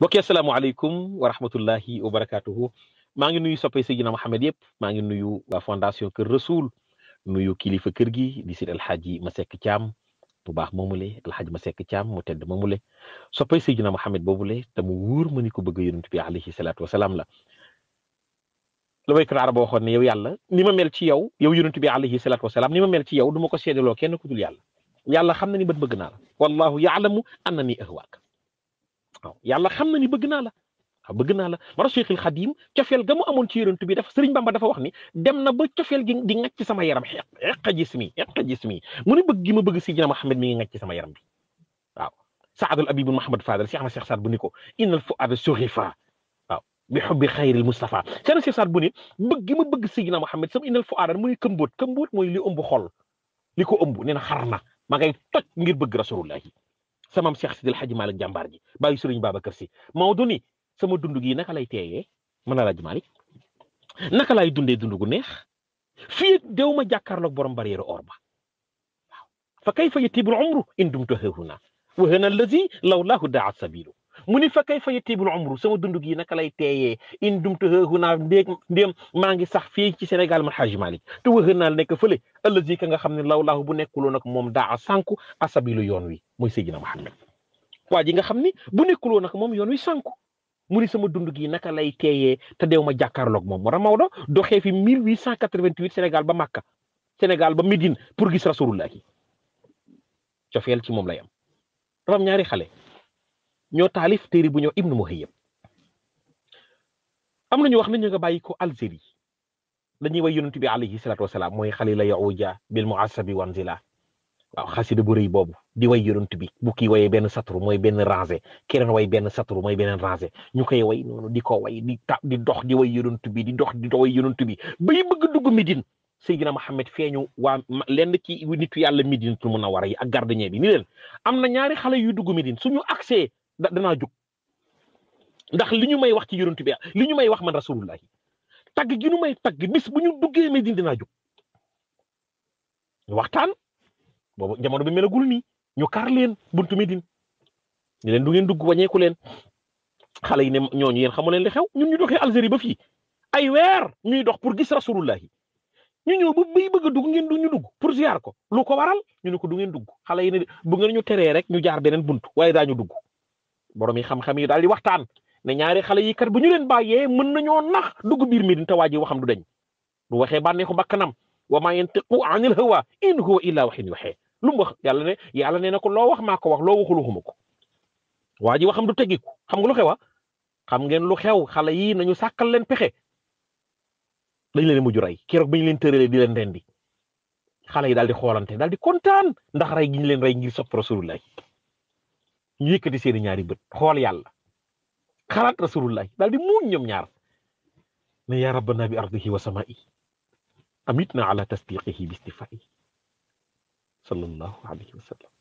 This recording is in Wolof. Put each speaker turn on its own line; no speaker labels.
mbokki asalaamaaleykum wa rahmatullahi wa barakaatuhu maa ngi nuyu soppay Seydina Mohamed yëpp maa ngi nuyu waa fondation Kër Rasoul nuyu kilifa kër gi di sëñ ma Masek Thiam bu baax ma moomule Alhaji Masek Thiam mu tedd moomule soppay Seydina Mohamed boobule te mu wóor ma ni ko bëgg yonent bi alayhi salaatu wa salaam la. la béykat arab waxoon ne yow yàlla ni ma mel ci yow yow yonent bi alayhi salaatu wa salaam ni ma mel ci yow du ma ko seedaloo kenn ku dul yàlla yàlla xam na ni bëgg naa la wallahu yaalamu annani waaw yàlla xam na ni bëgg naa la waaw bëgg naa la mara Cheikhul Xadim cofeel ga mu amoon ci yonent bi dafa Sëriñ Bamba dafa wax ni dem na ba cofeel gi di ngacc sama yaram xeex xeex jismi xeex jismi mu ni bëgg gi ma bëgg Sidina Muhammad mi ngi ngacc sama yaram bi waaw Saadul Abibu Muhammad Fadal Cheikh Ahmad Cheikh Saad bu ni ko innal fuaada surifa waaw bi xubbi xayril Mustafa Cheikh Cheikh Saad bu ni bëgg gi ma bëgg Sidina Muhammad sam innal fuaada muy këmboot këmboot mooy li ëmb xol li ko ëmb nee na xar na ma ngay toj ngir bëgg rasulullahi samam Cheikh Sidil Hadji Malick jàmbaar ji bàyyi Sëriñ Babacar Si Maodo ni sama dund gi naka lay teeyee man Alaaji Malick naka lay dundee dund gu neex fii dew ma jàkkaarloog borom bariéeru or ba waaw fa kayfa yatibul umru in dumtu hahuna wa hana allazi law laahu daat sabilu mu ni fa kay fa yatibul umru sama dund gi naka lay teeyee in dumtu xëxu naa ndéeg maa ngi sax fii ci Sénégal man Xaaji Malik te waxër naa nekk fële ëllëg ka nga xam ne law laahu bu nekkuloon ak moom daa sànku asabilu yoon wi mooy Seydina Muhammad waa ji nga xam ni bu nekkuloon ak moom yoon wi sànku mu ni sama dund gi naka lay teeyee te deew ma jàkkaarloog moom war a Maodo doxee fi 1888 Sénégal ba Makka Sénégal ba Médine pour gis Rasulullah yi ci moom lay am dafa xale ñoo taalif téere bu ñoo ibnu muhayyab am nañu wax ne ñu nga bàyyi ko Algérie dañuy way yonent bi alayhi salaatu wasalaam mooy xalila yauja bil muasabi wanzila waaw xasida bu rëy boobu di way yonent bi bu kii wayee benn satru mooy benn rangé keneen way benn satru mooy beneen rangé ñu koy way noonu di ko way di ta di dox di way yonent bi di dox di way yonent bi bay bëgg dugg Médine Seydina Mohamed feeñu waa lenn ci nitu yàlla Médinatul Munawwara yi ak gardien bi ni am na ñaari xale yu dugg Médine suñu accès da danaa jóg ndax li ñu may wax ci yonent bi li ñu may wax man rasulullah tagg gi ñu may tagg bis bu ñu duggee Medina dinaa jóg ñu waxtaan boobu jamono bi melagul nii ñu kaar leen buntu Medina ñu leen du ngeen dugg leen xale yi ne ñooñu yéen xamu leen li xew ñun ñu doxee Algérie ba fii ay weer ñuy dox pour gis rasulullah ñu ñëw ba bay bëgg dugg ngeen ñu dugg pour ziar ko lu ko waral ñu ne ko du ngeen dugg xale yi ne bu ngeen ñu teree rek ñu jaar beneen buntu waaye daañu dugg. borom yi xam-xam yi daal di waxtaan ne ñaari xale yi kat bu ñu leen bàyyee mën nañoo nax dugg biir mi te waa ji waxam du deñ du waxee bànneexu bakkanam wa maa yantiqu anil hawa in huwa illa waxin waxee lu mu wax yàlla ne yàlla ne na ko loo wax maa ko wax loo waxul waxuma ko waa ji waxam du teggiku xam nga lu xew ah? xam ngeen lu xew xale yii nañu sàkkal leen pexe dañ leen mujj rey keroog ba ñu leen tëralee di leen rendi xale yi dal di xoolante daal di kontaan ndax rey gi leen rey ngir sopp rasulullah ñu yëkkati seeni ñaari bët xool yàlla xalaat rasulullah daal di muuñ ñoom ñaar ne yaa rabbana bi ardihi wa samaa'i amitna ala tasdiqihi bi istifaa'i sallallahu alayhi wa sallam